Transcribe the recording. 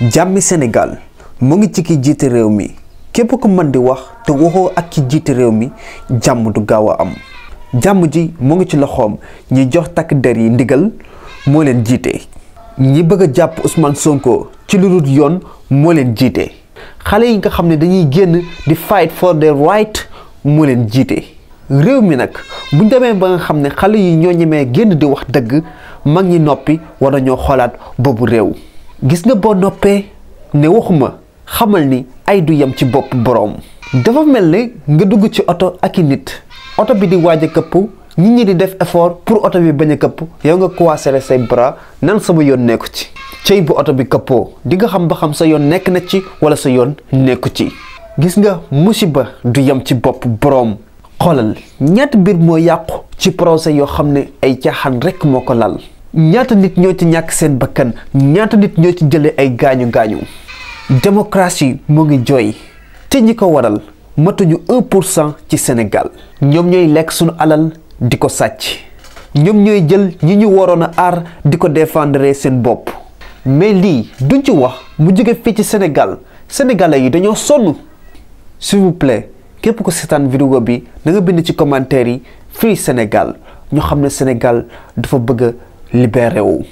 jàmmi senegal mu ngi ci ki jiite réew mi képp ku mën di wax te waxoo ak ki jiite réew mi jàmm du gaaw a am jàmm ji mu ngi ci loxoom ñi jox takk der yi ndigal moo leen jiite ñi bëgg a jàpp Ousmane Sonko ci lu yoon moo leen jiite xale yi nga xam ne dañuy génn di fight for their right moo leen jiite réew mi nag buñ demee ba nga xam ne xale yi ñoo ñemee génn di wax dëgg mag ñi noppi war nañoo xoolaat bobu réew gis nga boo noppee ne waxuma xamal ni ay du yem ci bopp boroom dafa mel ne nga dugg ci oto ak i nit oto bi di waaj a këpp nit ñi di def effort pour oto bi bañ a këpp yow nga croiser say bras nan sama yoon nekku ci cey bu oto bi këppoo di nga xam ba xam sa yoon nekk na ci wala sa yoon nekku ci gis nga musiba du yem ci bopp boroom xoolal ñaata mbir moo yàqu ci procès yoo xam ne ay caaxaan rekk moo ko lal ñaata nit ñoo ci ñàkk seen bakkan ñaata nit ñoo ci jëlee ay gaañu gaañu démocratie mu ngi jooy te ñi ko waral matuñu un pour ci Sénégal ñoom ñooy lekk suñu alal di ko sàcc ñoom ñooy jël ñi ñu waroon a aar di ko défendre seen bopp mais lii duñ ci wax mu jóge fii ci senegal sénégalais yi dañoo sonn s'il vous plaît képp ko seetaan vidéo bi da bind ci commentaire yi fii Sénégal ñoo xam ne Sénégal dafa bëgg liberou.